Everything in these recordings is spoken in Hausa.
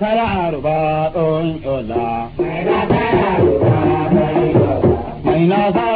gafara ruba ɗon yola. Mai ruba ɗon yola.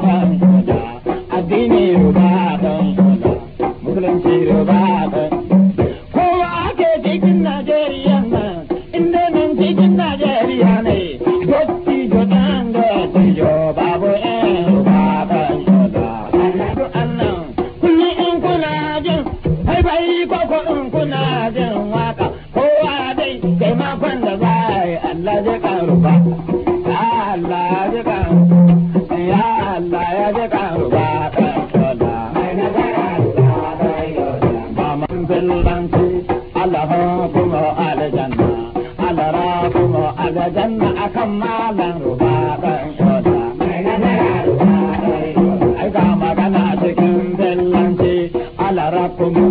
na jin waka kowa dai taimakon da za a yi Allah zai karu ba ya Allah zai karu ya Allah ya zai karu ba Allah kuma aljanna Allah kuma aljanna akan malan ruba kan koda magana cikin dillanci Allah kuma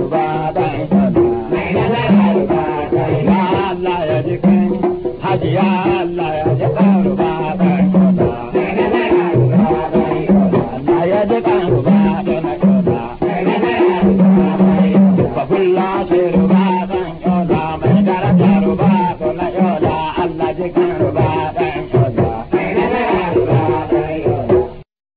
Thank you. ya